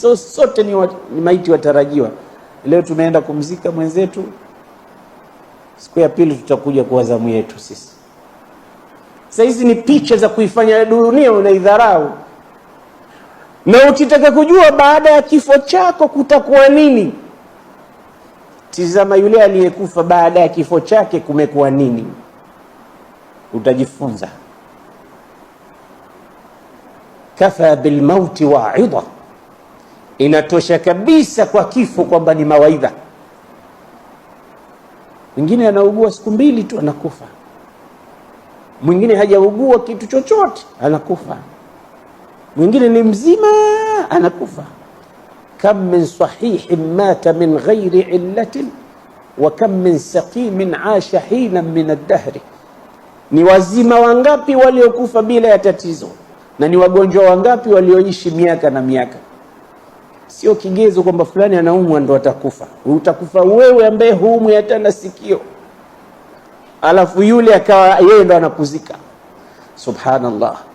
so, sote ni, wa, ni maiti watarajiwa. Leo tumeenda kumzika mwenzetu, siku ya pili tutakuja kwa zamu yetu sisi. Sasa hizi ni picha za kuifanya dunia unaidharau, na ukitaka kujua baada ya kifo chako kutakuwa nini, tizama yule aliyekufa, baada ya kifo chake kumekuwa nini, utajifunza. Kafa bilmauti waidha inatosha kabisa kwa kifo kwamba ni mawaidha. Mwingine anaugua siku mbili tu anakufa, mwingine hajaugua kitu chochote anakufa, mwingine ni mzima anakufa. kam min sahihin mata min ghairi illatin wa kam min saqimin asha hina min aldahri, ni wazima wangapi waliokufa bila ya tatizo na ni wagonjwa wangapi walioishi miaka na miaka sio kigezo kwamba fulani anaumwa ndo atakufa. Utakufa wewe ambaye huumwi hata na sikio, alafu yule akawa yeye ndo anakuzika. Subhanallah.